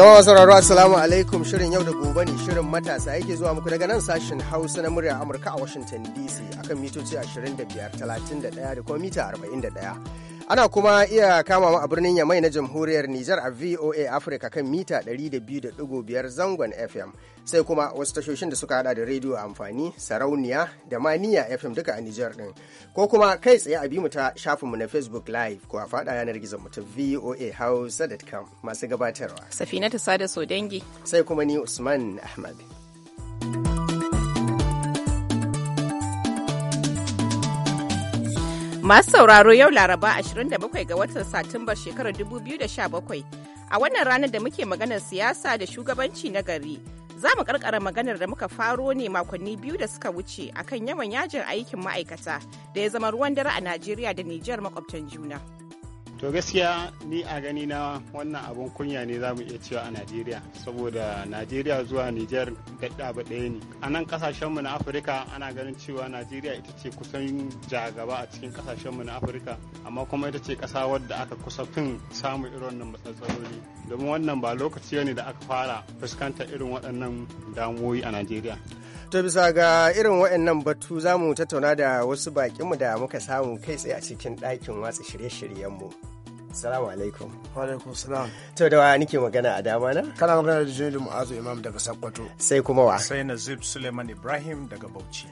Zama sauraro Assalamu alaikum shirin yau da gobe ne shirin matasa yake zuwa muku daga nan sashen Hausa na murya Amurka a Washington DC akan mitoci 25, 31 da kuma mita 41. Ana kuma iya kama mu a birnin Yamai na Jamhuriyar Nijar a VOA Africa kan mita 200.5 zangon FM. Sai kuma wasu tashoshin da suka hada da rediyo amfani, sarauniya da maniya FM duka a Nijar din. Ko kuma kai tsaye a bi mu ta shafinmu na Facebook Live ko a fada yanar gizo mu ta VOA Hausa.com masu gabatarwa. Safina ta sada so dangi. Sai kuma ni Usman Ahmad. Masu sauraro yau Laraba 27 ga watan Satumbar shekarar 2017 a wannan ranar da muke maganar siyasa da shugabanci na gari. Za mu karkara maganar da muka faro ne makonni biyu da suka wuce akan yawan yajin aikin ma'aikata da ya zama ruwan dare a Najeriya da Nijar makwabtan juna. to gaskiya ni a gani na wannan abun kunya ne zamu iya cewa a najeriya saboda najeriya zuwa niger daɗaɓa ɗaya ne a nan ƙasashenmu na afirka ana ganin cewa najeriya ita ce kusan ja-gaba a cikin ƙasashenmu na afirka amma kuma ita ce ƙasa wadda aka kusa fin samun irin wannan matsaloli domin wannan ba lokaci ne da aka fara fuskantar irin waɗannan damuwoyi a najeriya to bisa ga irin waɗannan batu za mu tattauna da wasu baƙinmu da muka samu kai tsaye a cikin ɗakin watsa shirye-shiryenmu Salamu alaikum. Wa alaikum salam. To da wa nike magana a dama na? Kana magana da Junaidu Mu'azu Imam daga Sokoto. Sai kuma wa? Sai Nazib Suleiman Ibrahim daga Bauchi.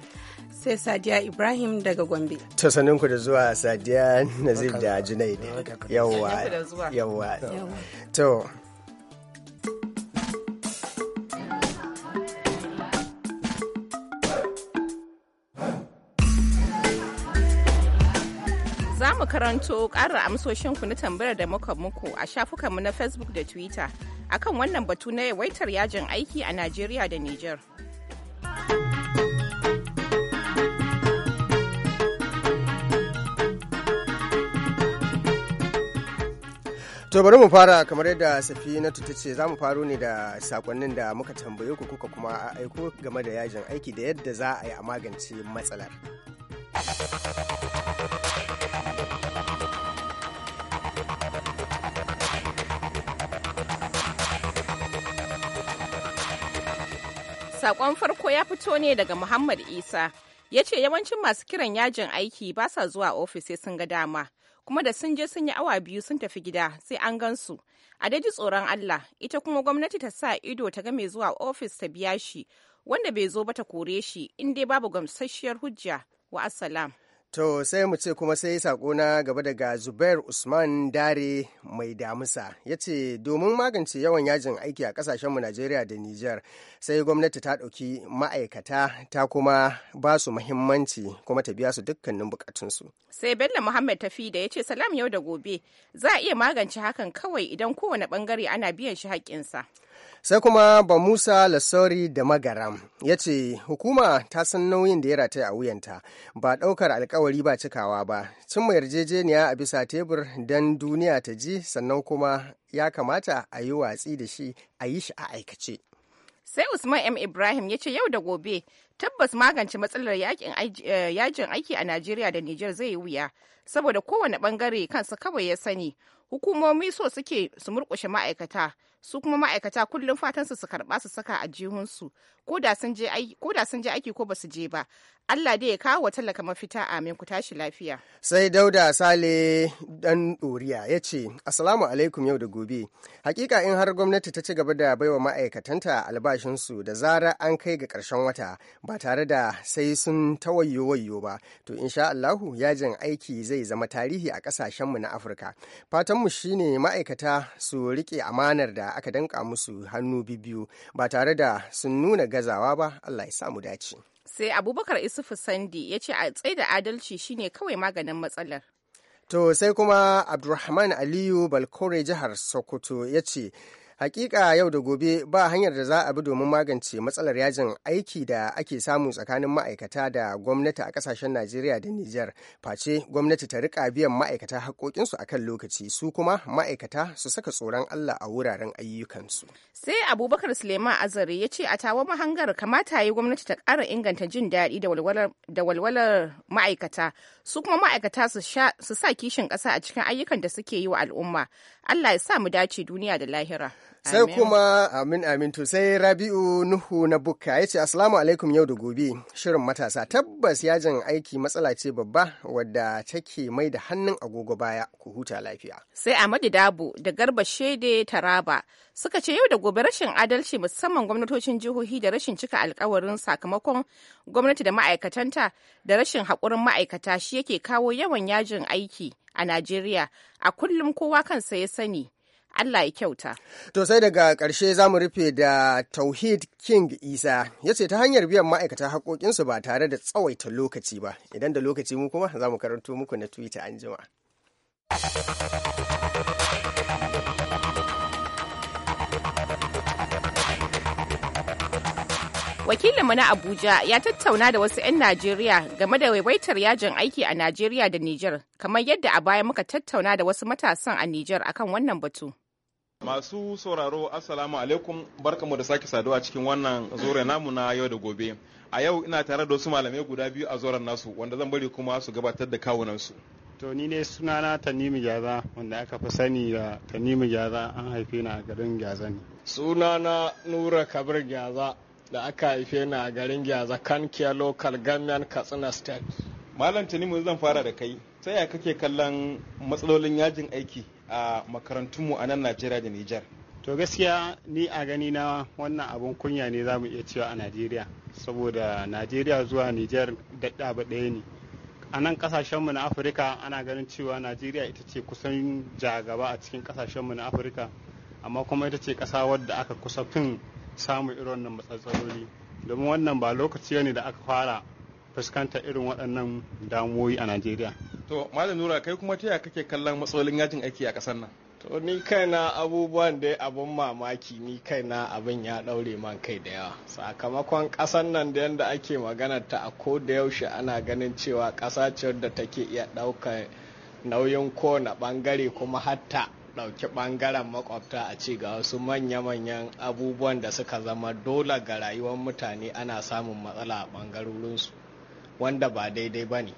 sai Sadiya Ibrahim daga Gombe. ta sanin ku da zuwa Sadiya Nazir da Junaid. Yawwa. Yawwa. To. Za mu karanto ƙara ku na tambayar da muka muku a shafukanmu na Facebook da Twitter akan wannan batu na yawaitar yajin aiki a Najeriya da niger To bari mu fara kamar yadda na ta ce za mu faro ne da sakonnin da muka tambaye ku kuka kuma a aiko game da yajin aiki da yadda za a yi a magance matsalar. Sakon farko ya fito ne daga Muhammad Isa. Ya ce yawancin masu kiran yajin aiki ba sa zuwa ofis sai sun ga dama. kuma da sun je sun yi awa biyu sun tafi gida sai an gansu a daji tsoron Allah ita kuma gwamnati ta sa ido ta ga mai zuwa ofis ta biya shi wanda bai zo ba ta kore shi in dai babu gamsasshiyar hujja wa assalam To sai mu ce kuma sai sako na gaba daga Zubair Usman Dare mai damusa ya ce domin magance yawan yajin aiki a kasashenmu Najeriya da Nijar sai gwamnati ta ɗauki ma'aikata ta kuma ba su muhimmanci kuma ta biya su dukkanin bukatunsu. Sai Bello Muhammad Tafi da ya ce salam yau da gobe za a iya magance hakan kawai idan kowane ɓangare ana biyan shi haƙƙinsa. sai kuma ba musa lasori da magaram ya ce hukuma ta san nauyin da ya rataya a wuyanta ba ɗaukar alkawari ba cikawa ba cimma yarjejeniya a bisa tebur don duniya ta ji sannan kuma ya kamata a yi watsi da shi a yi shi a aikace sai usman m ibrahim ya ce yau da gobe tabbas magance matsalar eh, yajin aiki a najeriya da niger zai yi wuya saboda kowane bangare kansa kawai ya sani hukumomi so suke su murkushe ma'aikata su kuma ma'aikata kullum fatan su su karba su saka a jihunsu ko da sun je aiki ko ba su je ba Allah dai ya kawo wa talaka mafita amin ku tashi lafiya sai dauda sale dan doriya ya ce assalamu alaikum yau da gobe hakika in har gwamnati ta ci gaba da baiwa ma'aikatanta albashinsu da zara an kai ga karshen wata ba tare da sai sun tawayyo wayyo ba to insha Allahu yajin aiki zai zama tarihi a kasashenmu na Afirka fatanmu shine ma'aikata su rike amanar da da aka danka musu hannu biyu ba tare da sun nuna gazawa ba allah ya samu dace sai abubakar isufu sandi ya ce a tsaida adalci shine kawai maganin matsalar to sai kuma abdulrahman aliyu balkore jihar sokoto ya ce Hakika yau da gobe ba hanyar da za a bi domin magance matsalar yajin aiki da ake samu tsakanin ma'aikata da gwamnati a kasashen Najeriya da Nijar. Face gwamnati ta rika biyan ma'aikata haƙoƙinsu a kan lokaci su kuma ma'aikata su saka tsoron Allah a wuraren ayyukansu. Sai Abubakar Suleiman Azare ya ce a tawa mahangar kamata yi gwamnati ta ƙara inganta jin daɗi da walwalar ma'aikata su kuma ma'aikata su sa kishin ƙasa a cikin ayyukan da suke yi wa al'umma. Allah ya sa mu dace duniya da lahira. Sai kuma amin amin to sai Rabi'u Nuhu na Bukka ya ce Assalamu alaikum yau da gobe shirin matasa tabbas yajin aiki matsala ce babba wadda take mai da hannun agogo baya ku huta lafiya. Sai Ahmadu Dabo da Garba Shede Taraba suka ce yau da gobe rashin adalci musamman gwamnatocin jihohi da rashin cika alkawarin sakamakon gwamnati da ma'aikatanta da rashin haƙurin ma'aikata shi yake kawo yawan yajin aiki a Najeriya a kullum kowa kansa ya sani. Allah ya kyauta. To sai daga ƙarshe za mu rufe da Tauhid King Isa ya ce ta hanyar biyan ma'aikata haƙoƙinsu ba tare da tsawaita lokaci ba. Idan da lokaci mu kuma za mu karanto muku na Twitter an jima. wakilinmu na abuja ya tattauna da wasu 'yan najeriya game da waiwaitar yajin aiki a najeriya da nijar kamar yadda a baya muka tattauna da wasu matasan a nijar akan wannan batu Masu sauraro Assalamu alaikum barkamu da sake saduwa cikin wannan zore namu na yau da gobe. A yau ina tare da wasu malamai guda biyu a zoren nasu wanda zan bari kuma su gabatar da kawunansu. To ni ne sunana Tanimu Gyaza wanda aka fi sani da Tanimu Gyaza an haife ni a garin Gyaza ne. Sunana Nura Kabir Gyaza da aka haife ni a garin Gyaza Kankiya lokal Government Katsina State. Malam Tanimu zan fara da kai. Ta ya kake kallon matsalolin yajin aiki a makarantunmu a nan najeriya da nijar to gaskiya ni a gani na wannan abun kunya ne za mu iya cewa a najeriya saboda najeriya zuwa nijar ɗaba ɗaya ne a nan kasashenmu na afirka ana ganin cewa najeriya ita ce kusan jagaba a cikin kasashenmu na afirka amma kuma ita ce ƙasa wadda aka kusa fin samun irin wannan matsatsaloli domin wannan ba lokaci ne da aka fara fuskantar irin waɗannan damuwoyi a najeriya to malam nura kai kuma ta kake kallon matsalolin yajin aiki a ƙasar nan to ni kaina abubuwan da abin mamaki ni kaina abin ya ɗaure man kai da yawa sakamakon ƙasar nan da yadda ake maganar ta a ko da yaushe ana ganin cewa ƙasa ce da take iya ɗaukar nauyin kowane ɓangare kuma hatta ɗauki ɓangaren makwabta a ci ga wasu manya-manyan abubuwan da suka zama dole ga rayuwar mutane ana samun matsala a ɓangarorinsu wanda ba daidai ba ne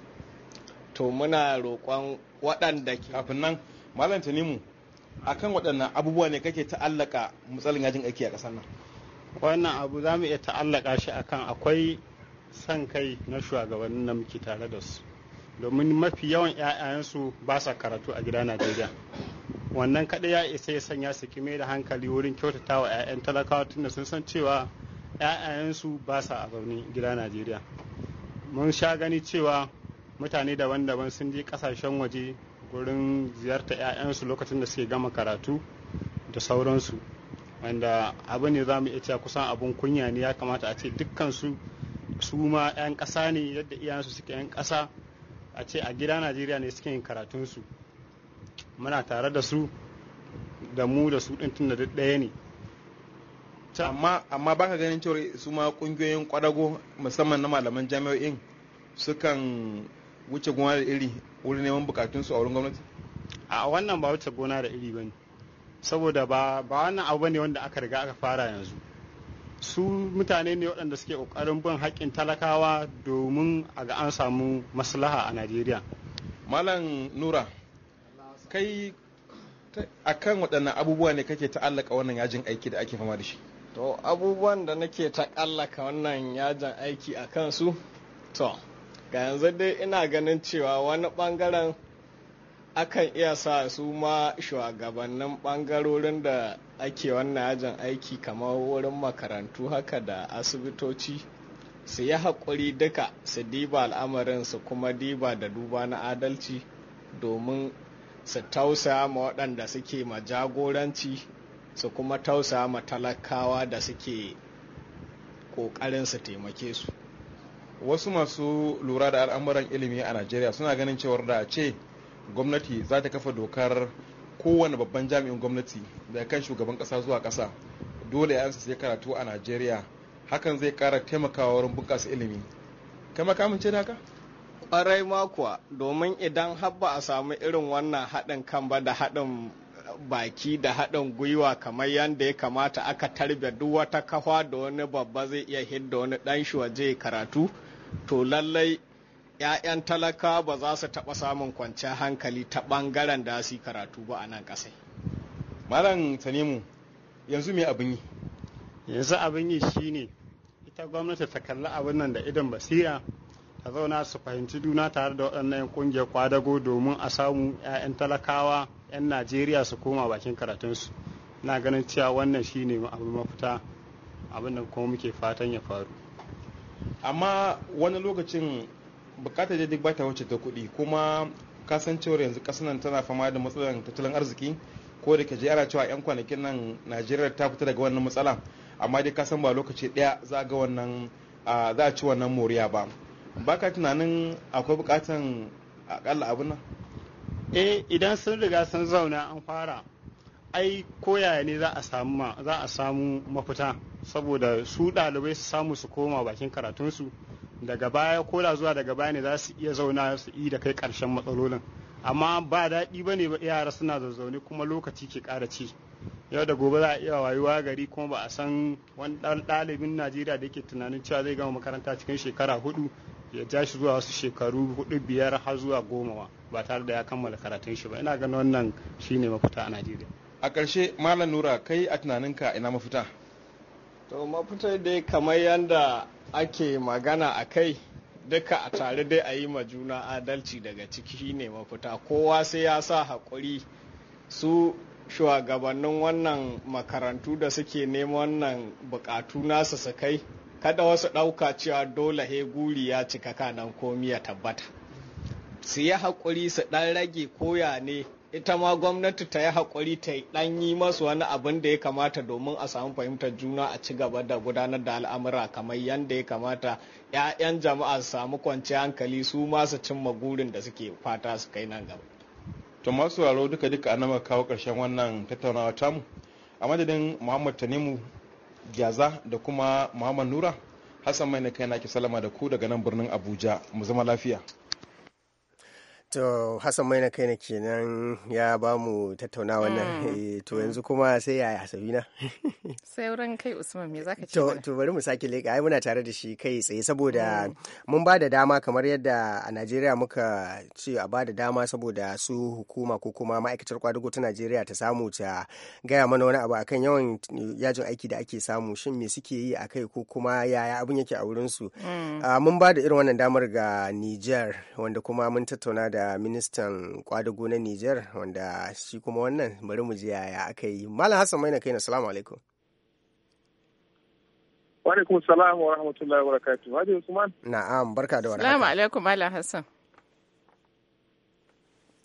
to muna roƙon waɗanda ke kafin nan malam tanimu akan waɗannan abubuwa ne kake ta'allaka matsalin yajin aiki a ƙasar nan wannan abu za mu iya ta'allaka shi akan akwai son kai na shugabannin da muke tare da su domin mafi yawan 'ya'yansu ba sa karatu a gida najeriya wannan kaɗai ya isa ya sanya su kime da hankali wurin kyautata wa 'ya'yan talakawa tunda sun san cewa 'ya'yansu ba sa a gida najeriya mun sha gani cewa mutane daban-daban sun je kasashen waje gurin ziyarta 'ya'yansu lokacin da suke gama karatu da sauransu wanda abu ne za mu iya cewa kusan abun kunya ne ya kamata a ce dukkansu su ma 'yan ƙasa ne yadda iyayensu suke 'yan ƙasa a ce a gida najeriya ne suke yin karatunsu muna tare da su da mu da su ɗin tun da duk ɗaya ne amma amma baka ganin cewa su ma kungiyoyin kwadago musamman na malaman jami'o'in sukan wuce gona da iri wurin neman bukatun su a wurin gwamnati a wannan ba wuce gona da iri bane saboda ba ba wannan abu ne wanda aka riga aka fara yanzu su mutane ne waɗanda suke ƙoƙarin bin haƙƙin talakawa domin a ga an samu maslaha a najeriya malam nura kai akan waɗannan abubuwa ne kake ta'allaka wannan yajin aiki da ake fama da shi to abubuwan da nake ta kallaka wannan yajin aiki a kansu to ga yanzu dai ina ganin cewa wani bangaren akan iya sa su ma shugabannin bangarorin da ake wannan yajin aiki kamar wurin makarantu haka da asibitoci su yi haƙuri duka su diba al'amarin su kuma diba da duba na adalci domin su tausaya ma waɗanda suke ma jagoranci su kuma tausa ma talakawa da suke kokarin su taimake su wasu masu lura da al'amuran ilimi a najeriya suna ganin cewar da ce gwamnati za ta kafa dokar kowane babban jami'in gwamnati daga kan shugaban kasa zuwa kasa dole ya sai karatu a najeriya hakan zai kara taimakawa wurin bunƙasa ilimi kai makamin da haka ƙwarai makuwa domin idan har a samu irin wannan haɗin kan ba da haɗin baki da haɗin gwiwa kamar yadda ya kamata aka tarbe duk wata kafa da wani babba zai iya hidda wani ɗan shi waje karatu to lallai 'ya'yan talaka ba za su taɓa samun kwanciyar hankali ta ɓangaren da su karatu ba a nan ƙasai. malam tanimu yanzu mai abin yi yanzu abin yi shine ita gwamnati ta kalli abin nan da idon basira a zauna su fahimci juna tare da waɗannan ƙungiyar kwadago domin a samu 'ya'yan talakawa 'yan najeriya su koma bakin karatunsu na ganin cewa wannan shine abu mafita abin da kuma muke fatan ya faru amma wani lokacin bukatar da duk bata wacce ta kuɗi kuma kasancewar yanzu ƙasar nan tana fama da matsalar tattalin arziki ko da ke ji ana cewa 'yan kwanakin nan najeriya ta fita daga wannan matsala amma dai kasan ba lokaci ɗaya za za a ci wannan moriya ba baka tunanin akwai bukatan akalla abu nan eh idan sun riga sun zauna an fara ai koyaya ne za a samu za a samu mafita saboda su dalibai su samu su koma bakin karatunsu daga baya ko da zuwa daga baya ne za su iya zauna su yi da kai karshen matsalolin amma ba daɗi ba ne yara suna zazzaune kuma lokaci ke ƙara ci yau da gobe za a iya wayuwa gari kuma ba a san wani ɗalibin najeriya da ke tunanin cewa zai gama makaranta cikin shekara hudu ya tashi zuwa wasu shekaru hudu biyar har zuwa goma ba tare da ya kammala karatun shi ba ina ganin wannan shine mafita a najeriya a ƙarshe malam nura kai a tunaninka ina mafita to mafita dai kamar yadda ake magana a kai duka a tare dai a yi ma juna adalci daga ciki shine mafita kowa sai ya sa haƙuri su shugabannin wannan makarantu da suke neman wannan bukatu nasa su kai kada wasu ɗauka cewa dole he guri ya cika kanan komi ya tabbata su yi haƙuri su ɗan rage koya ne ita ma gwamnati ta yi haƙuri ta yi ɗan yi masu wani abin da ya kamata domin a samu fahimtar juna a ci gaba da gudanar da al'amura kamar yadda ya kamata 'ya'yan jama'a su samu kwanciyar hankali su ma su cimma gurin da suke fata su kai nan gaba. to masu duka duka an kawo ƙarshen wannan tattaunawa tamu a madadin muhammad tanimu gyaza da kuma muhammad nura hassan mai na kai na ke salama da ku daga nan birnin abuja mu zama lafiya To Hassan na kai na kenan ya ba mu tattauna wannan mm. eh, to mm. yanzu kuma sai yaya Sabina. sai wurin kai Usman me zaka ce? To to bari mu sake leka ai muna tare da shi kai tsaye saboda mm. mun ba da dama kamar yadda a Najeriya muka ce a ba da dama saboda su hukuma ko kuma ma'aikatar kwadugo ta Najeriya ta samu ta gaya mana wani abu akan yawan yajin aiki da ake samu shin me suke yi a kai ko kuma yaya abin yake a wurin ah, Mun ba da irin wannan damar ga Niger wanda kuma mun tattauna da da ministan kwadago na Nijar wanda shi kuma wannan bari mu ji yaya aka yi. Malam Hassan Maina kai na salamu alaikum. Wa alaikum salam wa rahmatullahi wa barakatuh. Hadi Usman. Na'am barka da warhaka. Salamu alaikum Malam Hassan.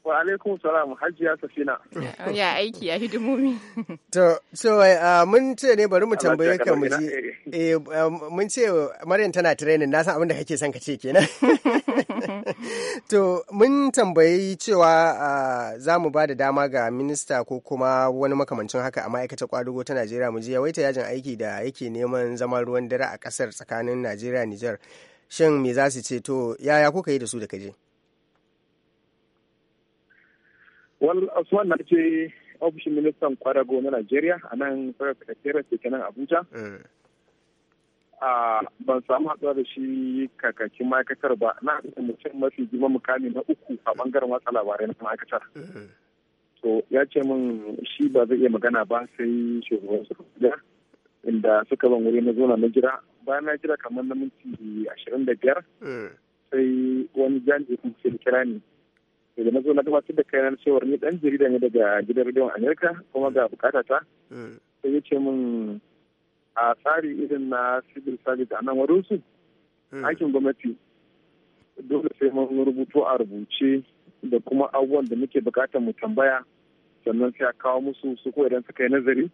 Wa alaikum salam hajiya safina. Ya aiki ya hidimomi. To, so uh, mun ce ne bari mu tambaye ka mu ji. Eh, um, mun ce Maryam tana training na san abin da kake son ka ce kenan. To, mun tambayi cewa uh, za mu ba da dama ga minista ko kuma wani makamancin haka a ma'aikatar kwadugo ta Najeriya mu ji yawaita yajin aiki da yake neman zaman ruwan dare a kasar tsakanin Najeriya Nijar. Shin me za su ce to yaya kuka yi da su da kaje? je? wal usman na ce ofishin ministan kwarago na najeriya a nan sakataren da ke nan abuja eh. a ban samu haɗuwa da shi kakakin ma'aikatar ba na da mutum mafi girma mukami na uku a bangaren watsa labarai na ma'aikatar eh. to ya ce min shi ba zai iya magana ba sai shugaban su inda suka ban wuri na zona na jira bayan na jira kamar na minti ashirin da biyar eh. sai wani jami'in sai kira ni da na zo na gabatar da kayan cewar ni dan jarida ne daga gidan rediyon amerika kuma ga bukatata ta eh. sai ya ce min a tsari irin na civil service a nan wadansu eh. aikin gwamnati dole sai mun rubuto a rubuce da kuma abubuwan da muke bukatar mu tambaya sannan sai a kawo musu su ko idan suka yi nazari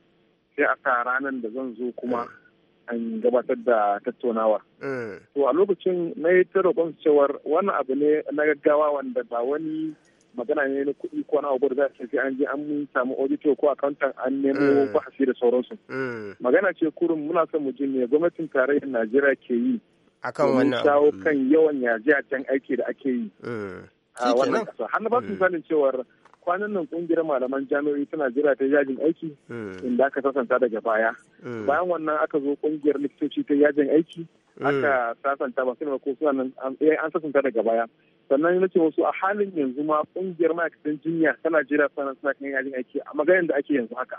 sai a sa ranar da zan zo kuma eh. an gabatar da tattaunawa eh. To a lokacin na yi ta cewar wannan abu ne na gaggawa wanda ba wani magana ne na kuɗi ko na abu da za a an je an samu auditor ko accountant an nemo eh. bahasi da sauransu. Eh. Magana ce kurum muna son mu ji ne gwamnatin tarayyar Najeriya ke yi. Akan wannan. shawo mm. kan yawan yaje can aiki da ake yi. A wannan ƙasa. hannu ba su sanin cewar kwanan nan kungiyar malaman jami'o'i tana jira ta yajin aiki eh. inda aka sasanta daga baya eh. bayan wannan aka zo kungiyar likitoci ta yajin aiki eh. aka sasanta ba suna ko suna an sasanta daga baya sannan nace wasu a halin yanzu ma kungiyar ma'aikatan jinya tana jira sanan suna kan yajin aiki a maganin da ake yanzu haka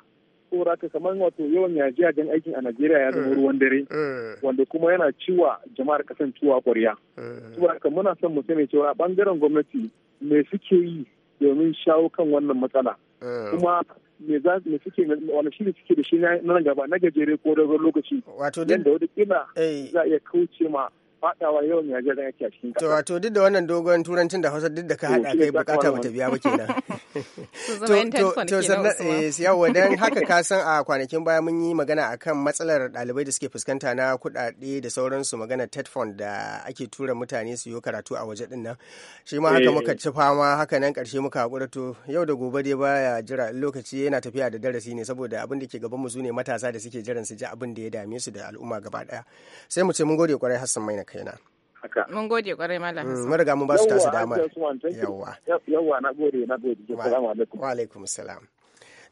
saboda haka kamar wato yawan yaji yajin aikin a Najeriya ya zama ruwan dare wanda kuma yana ciwa jama'ar kasan ciwa kwarya saboda haka muna son mu sani cewa bangaren gwamnati me suke yi domin shawo kan wannan matsala eh. kuma me za me suke wani shi da suke da shi na gaba na gajere ko dogon lokaci wato da wani kila za a iya kauce ma yau ne yaje da yake a cikin to wato duk da wannan dogon turancin da Hausa duk da ka haɗa kai bukata ta biya ba kenan to to sannan eh, yawa dan haka ka san a kwanakin baya mun yi magana akan matsalar ɗalibai da suke fuskanta na kuɗaɗe da sauransu magana TED fund da ake tura mutane su yi karatu a waje din nan shi ma haka eh. muka ci fama haka nan karshe muka hakura to yau da gobe dai baya jira lokaci yana tafiya da darasi ne saboda abin da ke gaban mu zune matasa da suke jiran su ji abin da ya dame su da al'umma gaba ɗaya sai mu ce mun gode kwarai Hassan Maina kaina mun gode kwarai malam mm, mun riga mun ba su tasu damar Yawwa. Yawwa na gode na gode assalamu alaikum wa alaikum salam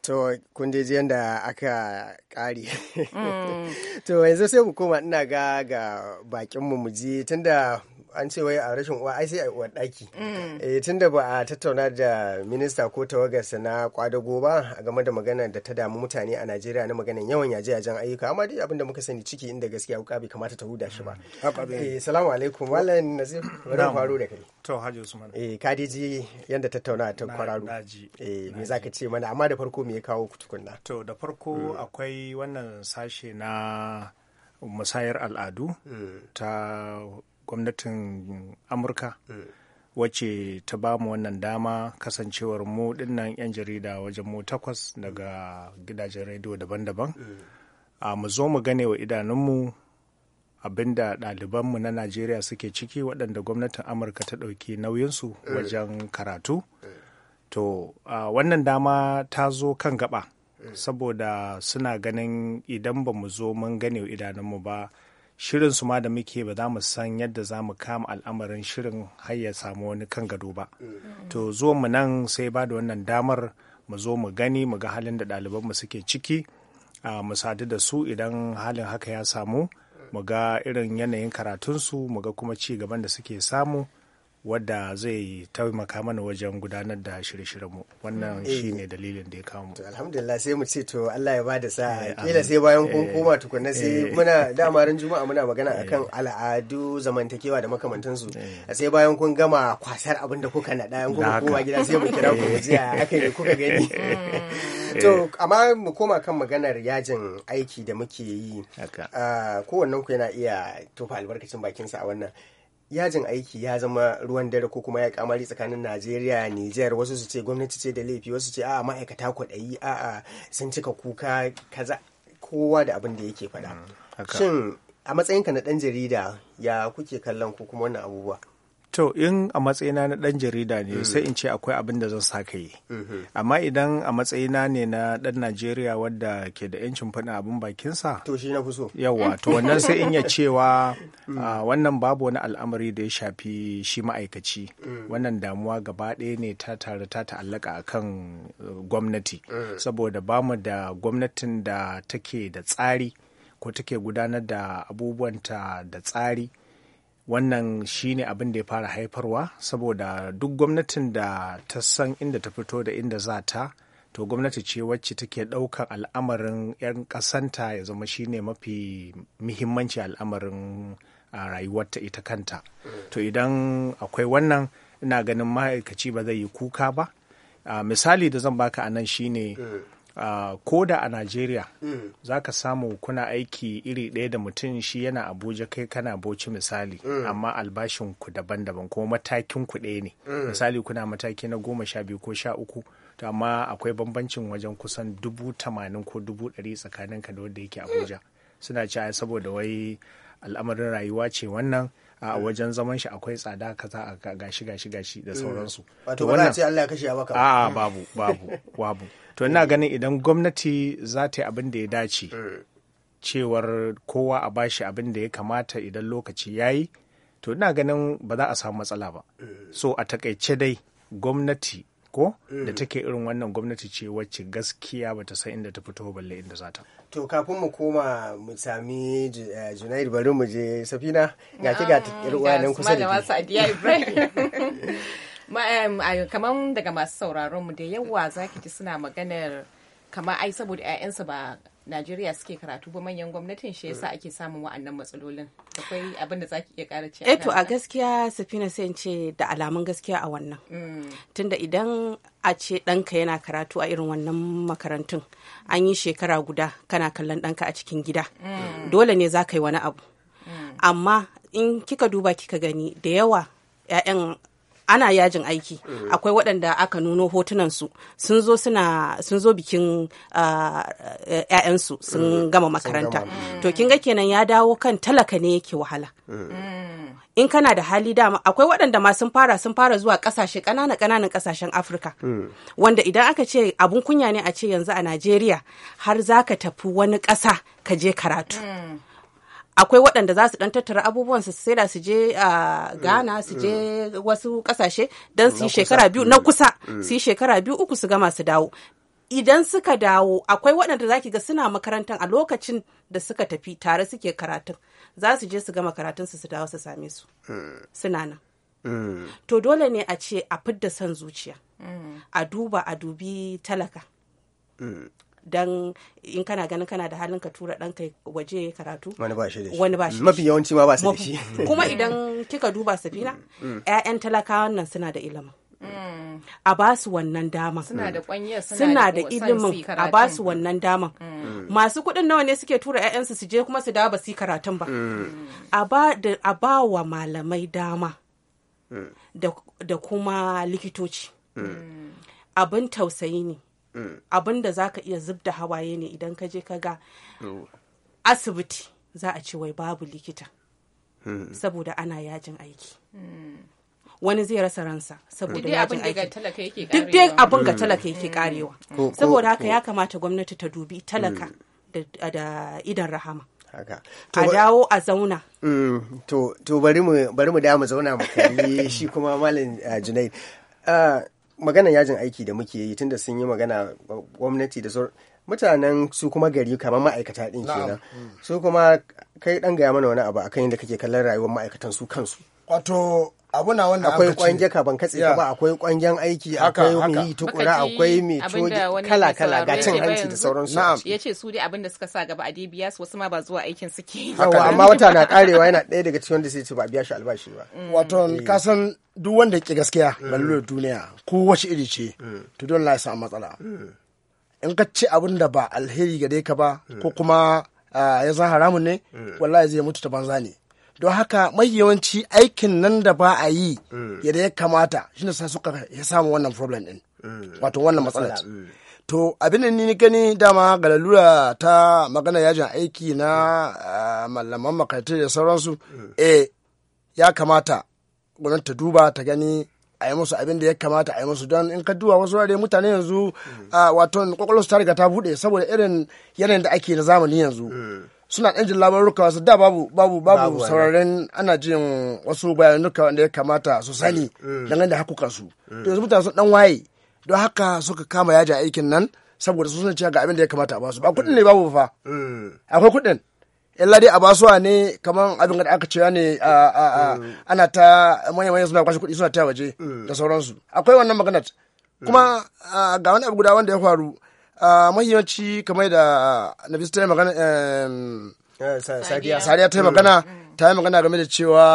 to kun je yanda aka kari mm. to yanzu sai mu koma ina ga ga bakin mu je tunda an ce wai a rashin uwa ai sai a uwar daki mm. eh tunda ba a tattauna da minista ko tawagarsa na kwadago ba a game da maganar da ta damu mutane a Najeriya na maganar yawan yaje yajen ayyuka amma dai abin da muka sani ciki inda gaskiya wuka bai kamata ta huda shi ba mm. eh salamu alaikum wallan nasir. bari faru da kai to haji usman eh Kadiji yanda tattauna ta kwararo eh me zaka ce mana amma da farko me ya kawo kutukunna to da farko mm. akwai wannan sashe na musayar al'adu ta gwamnatin amurka wacce ta ba mu wannan dama kasancewar mu dinnan 'yan jarida wajen mu takwas daga gidajen rediyo daban-daban a mu zo mu gane wa idanunmu abinda ɗalibanmu na najeriya suke ciki waɗanda gwamnatin amurka ta ɗauki nauyinsu wajen karatu to wannan dama ta zo kan gaba saboda suna ganin idan ba mu zo mun gane wa idanunmu ba shirin su ma da muke ba za mu san yadda za mu kama al'amarin shirin har ya samu wani kan gado ba to zo mu nan sai ba da wannan damar mu zo mu gani mu ga halin da ɗaliban mu suke ciki mu sadu da su idan halin haka ya samu mu ga irin yanayin karatunsu mu ga kuma ci gaban da suke samu wadda zai taimaka mana wajen gudanar da shirye-shiryenmu wannan eh. shi ne dalilin da ya kawo mu. alhamdulillah sai mu ce to Allah ya bada sa eh, kila sai bayan kun eh. koma tukunna sai muna damarin juma'a muna magana akan al'adu zamantakewa da makamantansu sai bayan kun gama kwasar abin da kuka naɗa in kuma koma gida sai mu kira ku jiya aka yi kuka gani mm. to amma mu koma kan maganar yajin aiki da muke yi ah, kowannen ku yana iya tofa albarkacin bakinsa a wannan yajin aiki ya zama ruwan dare ko kuma ya kamari tsakanin najeriya nijar wasu su ce gwamnati ce da laifi wasu ce a'a ma'aikata kwaɗayi a'a sun cika kuka kaza kowa da abin da yake faɗa mm, shin a matsayinka na ɗan jarida ya kuke kallon ko kuma wannan abubuwa to in a matsayina na ɗan jarida ne mm-hmm. sai in ce akwai abin da zan saka yi mm-hmm. amma idan a matsayina ne na dan najeriya wadda ke da yancin faɗin abin bakinsa to shi na fi so yawa to wannan sai in ya cewa mm. wannan babu wani al'amari da ya shafi shi ma'aikaci mm. wannan damuwa gaba ɗaya ne ta tare ta ta'allaka akan uh, gwamnati mm. saboda bamu da gwamnatin da take da tsari ko take gudanar da abubuwanta da tsari wannan shine abin da ya fara haifarwa saboda duk gwamnatin da ta san inda ta fito da inda za ta to gwamnati ce wacce take ɗaukan al'amarin 'yan ƙasanta ya zama shine mafi muhimmanci al'amarin rayuwarta ita kanta to idan akwai wannan ina ganin ma'aikaci ba zai yi kuka ba misali da zan baka a nan shine eh. Uh, ko da a Najeriya mm. za ka samu kuna aiki iri ɗaya da mutum shi yana Abuja kai kana boci misali mm. amma albashin ku daban-daban kuma matakin ku ɗaya ne mm. misali kuna mataki na goma sha biyu ko sha uku to amma akwai bambancin wajen kusan dubu tamanin ko dubu ɗari tsakanin ka da wanda yake Abuja mm. suna cewa saboda wai al'amarin rayuwa ce wannan a eh. wajen zaman shi akwai tsada kaza a gashi gashi gashi da eh. sauransu wato ba ce Allah ya kashe baka. A'a babu babu babu to ina ganin idan gwamnati za ta yi abin da ya dace eh. cewar kowa a bashi abin da ya kamata idan lokaci ya yi to ina ganin ba za a samu matsala ba so a takaice dai gwamnati ko mm. da take irin wannan gwamnati ce wacce gaskiya bata san inda ta fito balle inda za ta to kafin mu koma mu sami eh, junaid bari mu je safina ga ki ga ah, ruwa nan kusa da kamar daga masu sauraron mu da yawa zaki ji suna maganar kamar ai saboda 'ya'yansa ba Najeriya suke karatu ba manyan gwamnatin shi yasa eh. ake samun wa'annan matsalolin akwai abin da zaki iya kara ce eh, to a gaskiya safina sai in ce da alamun gaskiya a wannan mm. tunda idan a ce ɗanka yana karatu a irin wannan makarantun an yi shekara guda kana kallon ɗanka a cikin gida mm. dole ne za ka yi wani abu mm. amma in kika duba kika gani da yawa 'ya'yan ana yajin aiki mhm. akwai waɗanda aka nuno hotunansu sun zo suna sun zo bikin ‘ya'yansu ah, eh, sun mhm. gama makaranta mhm. to kin ga kenan ya dawo kan talaka ne yake wahala in kana da hali dama akwai waɗanda ma sun fara sun fara zuwa ƙasashe ƙanana ƙananan ƙasashen afirka wanda idan aka ce abun kunya ne a ce yanzu a najeriya har za ka tafi wani ƙasa ka je karatu akwai waɗanda za su ɗan tattara abubuwan su sai da su je a Ghana su je mm, mm. wasu kasashe don su yi shekara biyu na mm. kusa su yi shekara biyu uku su gama su dawo idan suka dawo akwai waɗanda zaki ga suna makarantar a lokacin da suka tafi tare suke karatun za su je su gama karatun su su dawo su same su suna nan to dole ne a ce a fidda son zuciya a duba a dubi talaka dan in kana ganin kana da halin ka tura dan kai waje karatu wani ba shi da shi wani ba shi mafi yawanci ma ba su da shi kuma idan kika duba safina mm. Mm. ƴaƴan talakawan nan suna da ilimin mm. a ba su wannan daman suna da kwanyar suna da ilimin a ba su wannan daman masu kuɗin nawa ne suke tura ƴaƴan su je kuma su dawo ba su karatun ba A da a ba wa malamai dama da kuma likitoci abin tausayi ne abin da za ka iya zub da hawaye ne idan ka je ka ga asibiti za a ce wai babu likita saboda ana yajin aiki wani zai rasa ransa saboda yajin aiki duk dai abin ga mm. talaka yake mm. karewa mm. saboda haka ya kamata gwamnati ta dubi talaka da idan rahama a dawo a zauna to bari mu bari mu zauna mu kalli shi kuma malam eh, uh, junaid magana yajin aiki da muke yi tunda sun yi magana gwamnati da sauran mutanen su kuma gari kamar ma'aikata din kenan su kuma kai ɗan gaya mana wani abu akan yadda kake kallon rayuwar ma'aikatan su kansu wato abuna wanda akwai kwanje ka ban katse ba akwai kwanjen aiki akwai mai yi tukura akwai mai coji kala kala ga cin hanci da sauransu na'am yace su dai abinda suka sa gaba a DBS wasu ma ba zuwa aikin suke yawa amma wata na karewa yana ɗaya daga cikin wanda sai ce ba biya shi albashi ba mm. wato eh. ka san duk wanda ke gaskiya mm. lalurar duniya ko wace iri ce mm. to don la samu matsala in ka ce abinda ba alheri dai ka ba ko kuma ah, ya zan haramun ne wallahi zai mutu ta banza ne don haka mai yawanci aikin nan da ba a yi eh. yadda ya kamata shi ne suka ya samu wannan problem din eh. wato wannan matsalar eh. to abin da ni gani dama ga lalura ta magana yajin aiki na ah, malaman makarantar da sauransu eh ya kamata gwamnati ta duba ta gani a yi musu abin da ya kamata a yi musu don in ka duba wasu wurare mutane yanzu ah, wato kwakwalwarsu ta riga ta bude saboda irin yanayin da ake na zamani yanzu suna ɗan jin labaruka su da babu babu babu sauraren ana jin wasu bayanuka wanda ya kamata su sani eh, eh. dangane da hakukansu eh. to yanzu mutane sun dan waye don haka suka kama yaji aikin nan saboda su sun ga abin da ya kamata a basu ba kuɗin ne babu fa akwai kuɗin illa dai a wa ne kamar abin da aka cewa ne ana ta manya manya suna kwashe kuɗi suna ta waje da sauransu akwai wannan magana kuma ga wani abu guda wanda ya faru mahimmanci kamar da ah, na ta yi magana eh, sadiya ta magana ta yi magana game da cewa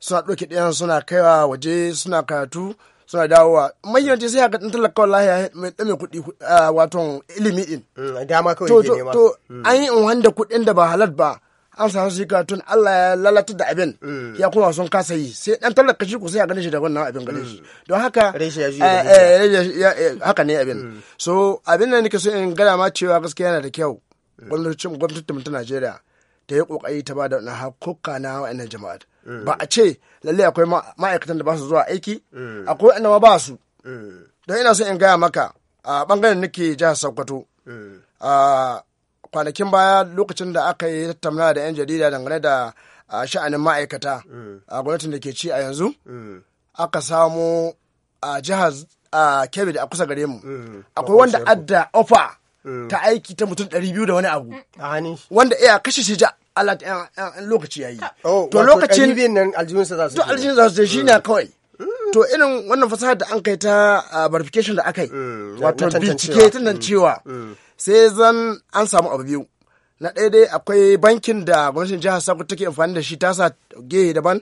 suna ɗauke ɗayan suna kaiwa waje suna karatu suna dawowa mahimmanci sai haka talaka lakawar lahiya mai ɗame kuɗi ah, waton ilimi ɗin mm, dama kawai to mm. an yi in wanda kuɗin da ba halal ba an samu yi karatun Allah ya lalata da abin mm. ya kuma sun kasa yi sai dan tallar kashi ku sai a gane shi da wannan abin gare shi mm. don haka eh, eh, eh, haka ne abin mm. so abin da nake so in gada ma cewa gaskiya yana da kyau gwamnatin gwamnatin ta Najeriya ta yi kokari ta ba da na hakuka na wa'annan jama'a ba a ce lalle akwai ma'aikatan da ba su zuwa aiki akwai wanda ma ba su don ina so in gaya maka a bangaren nake jihar Sokoto a kwanakin baya lokacin da aka yi tattauna da 'yan jarida dangane da sha'anin ma'aikata mm. a gwamnatin da ke ci a yanzu mm. aka samu a jihar kebbi a kusa gare mu mm. akwai wanda adda ofa ta aiki ta mutum 200 da wani abu wanda iya kashe shi ja Allah lokaci yi oh, to lokacin aljihun za su je shi ne kawai to irin wannan fasahar da an kai ta verification da aka yi wato bincike tunan cewa sai zan an samu abu biyu na ɗaya dai akwai bankin da gwamnatin jihar Sokoto take amfani da shi ta sa gehe daban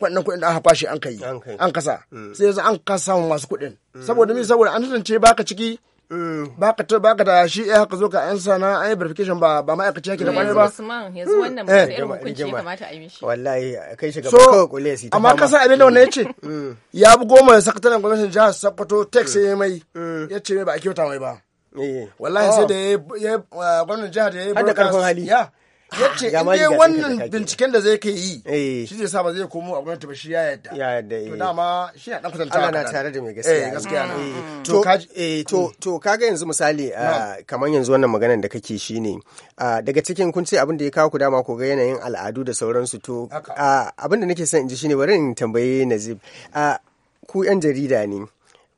kwanan mm. kuɗin da aka kwashe an kai an kasa mm. sai yanzu an kasa samun masu kuɗin mm. saboda me saboda an tantance baka ciki baka to baka da shi eh haka zo ka an sana an yi verification ba ba ma'aikaci yake da kwarai ba yanzu wannan ba irin eh. hukunci ya kamata a yi mishi wallahi kai shiga gaba kawai kule si amma ka san abin da wannan yace ya bi goma sakataren gwamnatin jihar to tax sai mai yace mai ba a kyauta mai ba Eh. wallahi sai oh. da ya gwamnan jihar da ya yi karfin hali ya ah, ce inda dai wannan binciken da zai ke yi eh. shi zai sa ba zai komo a gwamnati ba shi ya yadda ya yadda to eh. dama shi ya dan kwatanta ana tare da mai gaskiya gaskiya ne mm. Mm. to eh to mm. to kaga yanzu misali ah, kamar yanzu wannan maganar da kake shi ne ah, daga cikin kun ce abin da ya kawo ku dama ko ga yanayin al'adu da sauransu to abin da nake son in ji shine bari in tambaye Nazib ku yan jarida ne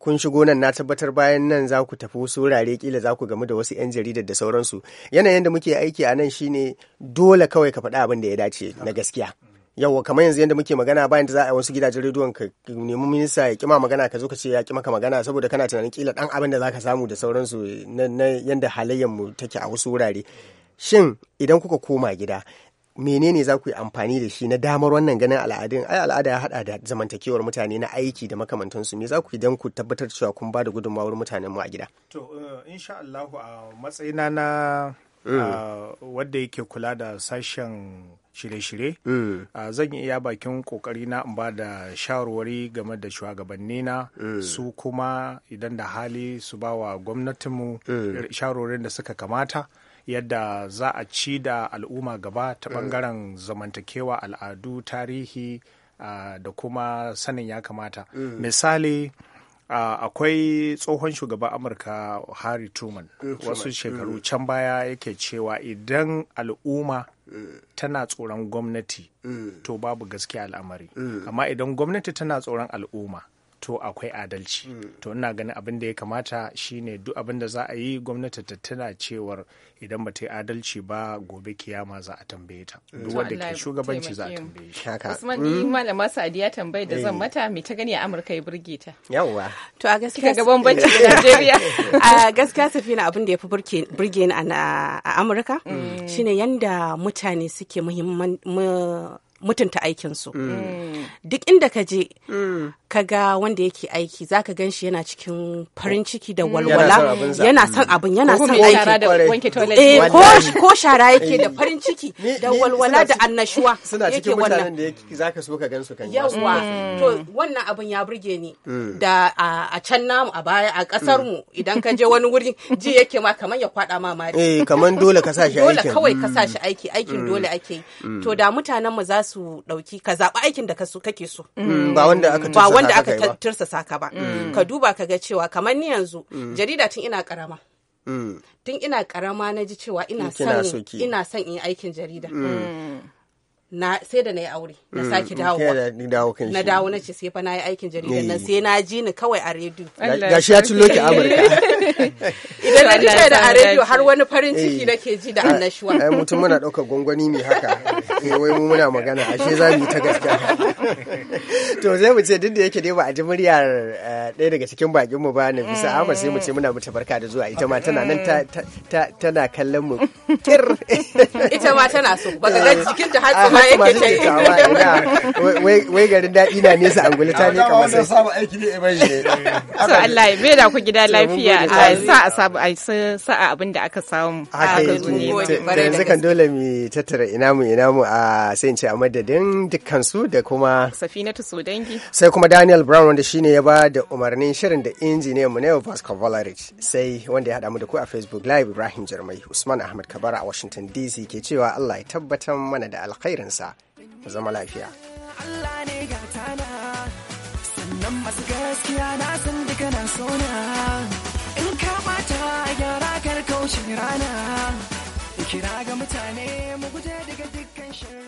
kun shigo nan na tabbatar bayan nan za ku tafi wasu wurare kila za ku gamu da wasu 'yan jaridar da sauransu yanayin da muke aiki a nan shine dole kawai ka faɗa abin da ya dace na gaskiya yawwa kamar yanzu yadda muke magana bayan da za a wasu gidajen rediyon ka nemi minista ya kima magana ka zo ka ce ya kima ka magana saboda kana tunanin kila dan abin da za ka samu da sauransu na yadda halayyar mu take a wasu wurare shin idan kuka koma gida menene za ku yi amfani da shi na damar wannan ganin al'adun ai al'ada ya hada da zamantakewar mutane na aiki da makamantansu me za ku yi don ku tabbatar cewa kun ba da gudunmawar mutanen mu a gida to eh, insha Allahu a matsayina na mm. wadda yake kula da sashen shirye-shirye mm. zan yi iya bakin kokari na in ba da shawarwari game da shugabanni na mm. su kuma idan da hali su ba wa gwamnatinmu shawarwarin da suka kamata yadda za a ci da al'umma gaba ta bangaren eh. zamantakewa al'adu tarihi ah, da kuma sanin ya kamata mm. misali Uh, akwai tsohon shugaban amurka harry truman eh, wasu shekaru mm. can baya yake cewa idan al'umma mm. tana tsoron gwamnati to babu gaskiya al'amari amma idan gwamnati tana tsoron al'umma to akwai adalci mm. to ina ganin abin da ya kamata shine duk abin da za a yi gwamnati ta tana cewar idan ba ta yi adalci ba gobe kiyama za a tambaye ta mm. duk wanda ke shugabanci za a tambaye shi haka Usman ni mm. malama Sadiya tambaye da zan eh. mata me ta gani a Amurka ya burge ta yawa to a gaskiya ga bambanci da Najeriya a gaskiya Safina abin da ya fi burge ni a Amurka shine yanda mutane suke muhimman mutunta aikinsu mm. duk inda ka je mm. ka ga wanda yake aiki za ka gan shi yana cikin farin ciki da mm. walwala yana son abin yana son aiki eh, ko shara yake da farin ciki da walwala da annashuwa suna cikin mutanen da za ka so ka gan su kan yawa to wannan abin ya burge ni da a can namu a baya a kasar mu idan ka je wani wuri ji yake ma kamar ya kwada ma mari eh kamar dole ka sa shi aikin dole kawai ka sa shi aiki aikin dole ake to da mutanen mu za su su dauki ka zaɓi aikin da kake so mm. Mm. ba wanda aka ba wanda ka ba mm. ka duba ka ga cewa kamar ni yanzu jarida tun ina karama tun ina karama na ji cewa ina son in yi aikin jarida na sai da na yi aure na mm, sake dawo na dawo na ce sai fa na yi aikin jaridan nan sai na ji ni kawai a rediyo gashi ya cillo ki amurka idan na ji da a rediyo har wani farin ciki nake ji da annashuwa ai mutum muna ɗaukar gwangwani ne haka eh wai mu muna magana ashe za mu yi ta gaskiya to sai mu ce duk da yake dai ba a ji muryar eh, ɗaya daga cikin bakin mu ba na bisa eh. amma sai mu ce muna mu barka da zuwa ita ma tana nan tana kallon mu kir ita ma tana so baka eh. ga jikinta har ma ina wai garin daɗi na nesa angulu ta ne kamar sai samu aiki ne ibai ne to Allah ya bai da ku gida lafiya sa a sabu a sa a abin da aka samu haka yake da yanzu kan dole mu tattara ina mu ina mu a sai in ce a madadin dukkan su da kuma Safinatu dangi. sai kuma Daniel Brown wanda shine ya ba da umarnin shirin da injiniyan mu ne Vasco Valerich sai wanda ya hada mu da ku a Facebook Live Ibrahim Jarmai Usman Ahmad Kabara a Washington DC ke cewa Allah ya tabbatar mana da alkhairin iyayensa mu zama lafiya Allah ne ga tana sannan masu gaskiya na san duka na sona in ka bata gyara kar kaushin rana kira ga mutane mu guje daga dukkan shirin